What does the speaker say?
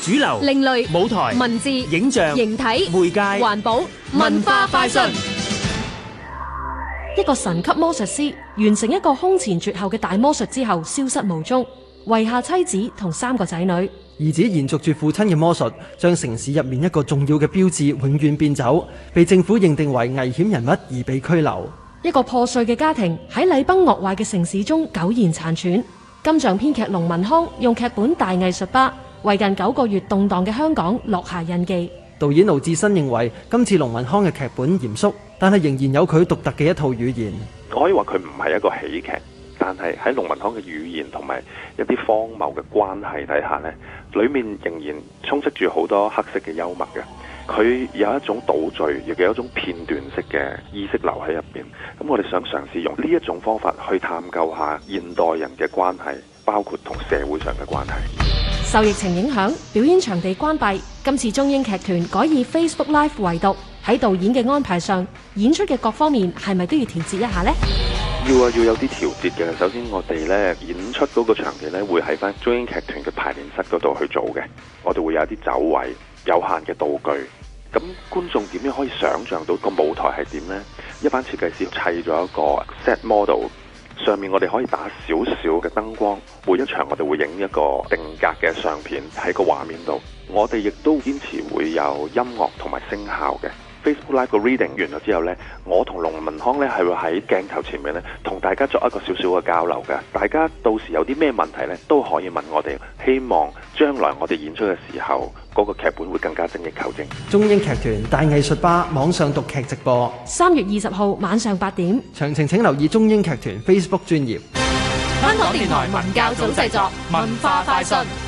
主流、另類舞台、文字、影像、形體、媒介、環保、文化快訊。一個神級魔術師完成一個空前絕後嘅大魔術之後，消失無蹤，遺下妻子同三個仔女。兒子延續住父親嘅魔術，將城市入面一個重要嘅標誌永遠變走，被政府認定為危險人物而被拘留。一個破碎嘅家庭喺禮崩樂壞嘅城市中苟延殘喘。金像編劇龍文康用劇本大藝術吧。為近九個月動盪嘅香港落下印記。導演盧智燊認為，今次龍文康嘅劇本嚴肅，但係仍然有佢獨特嘅一套語言。可以話佢唔係一個喜劇，但係喺龍文康嘅語言同埋一啲荒謬嘅關係底下咧，裏面仍然充斥住好多黑色嘅幽默嘅。佢有一種倒敘，亦有一種片段式嘅意識留喺入邊。咁我哋想嘗試用呢一種方法去探究下現代人嘅關係，包括同社會上嘅關係。受疫情影響，表演場地關閉，今次中英劇團改以 Facebook Live 圍讀。喺導演嘅安排上，演出嘅各方面係咪都要調節一下呢？要啊，要有啲調節嘅。首先我們呢，我哋咧演出嗰個場地咧會喺翻中英劇團嘅排練室嗰度去做嘅。我哋會有一啲走位、有限嘅道具。咁觀眾點樣可以想象到個舞台係點呢？一班設計師砌咗一個 set model。上面我哋可以打少少嘅燈光，每一場我哋會影一個定格嘅相片，喺個畫面度。我哋亦都堅持會有音樂同埋聲效嘅。Facebook Live reading 完咗之後呢，我同龍文康呢係會喺鏡頭前面呢同大家作一個小小嘅交流嘅。大家到時有啲咩問題呢，都可以問我哋。希望將來我哋演出嘅時候，嗰個劇本會更加精益求精。中英劇團大藝術吧，網上讀劇直播，三月二十號晚上八點。詳情請留意中英劇團 Facebook 專頁。香港電台文教組製作，文化快訊。